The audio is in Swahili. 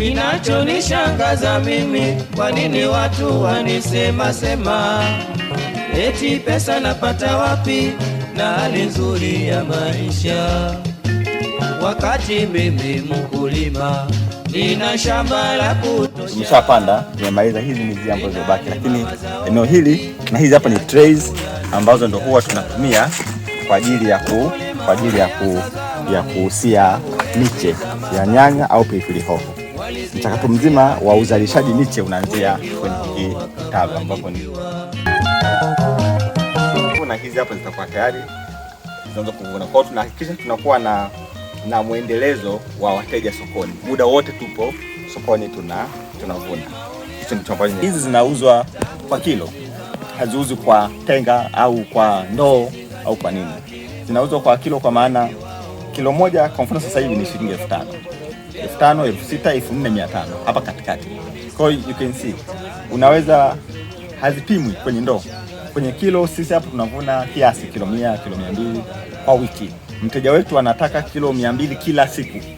Kinachonishangaza mimi, kwa nini watu wanisema sema, eti pesa napata wapi na hali nzuri ya maisha, wakati mimi mkulima nina shamba la kutosha. Tumeshapanda, tumemaliza. Hizi ni zile ambazo zilibaki, lakini eneo hili na hizi hapa ni trays ambazo ndo huwa tunatumia kwa ajili ya ku kwa ajili ya ku ya kuhusia miche ya nyanya au pilipili hoho. Mchakato mzima wa uzalishaji miche unaanzia kwenye kitalu ambapo ni na hizi hapa zitakuwa tayari zinaanza kuvuna. Kwa hiyo tunahakikisha tunakuwa na na mwendelezo wa wateja sokoni, muda wote tupo sokoni tuna tunavuna. Hizi zinauzwa kwa kilo, haziuzwi kwa tenga au kwa ndoo au kwa nini, zinauzwa kwa kilo, kwa maana kilo moja kwa mfano sasa hivi ni shilingi elfu tano elfu tano elfu sita elfu nne mia tano hapa katikati. Kwa hiyo you can see unaweza hazipimwi kwenye ndoo kwenye kilo. Sisi hapa tunavuna kiasi kilo mia kilo mia mbili kwa wiki. Mteja wetu anataka kilo mia mbili kila siku.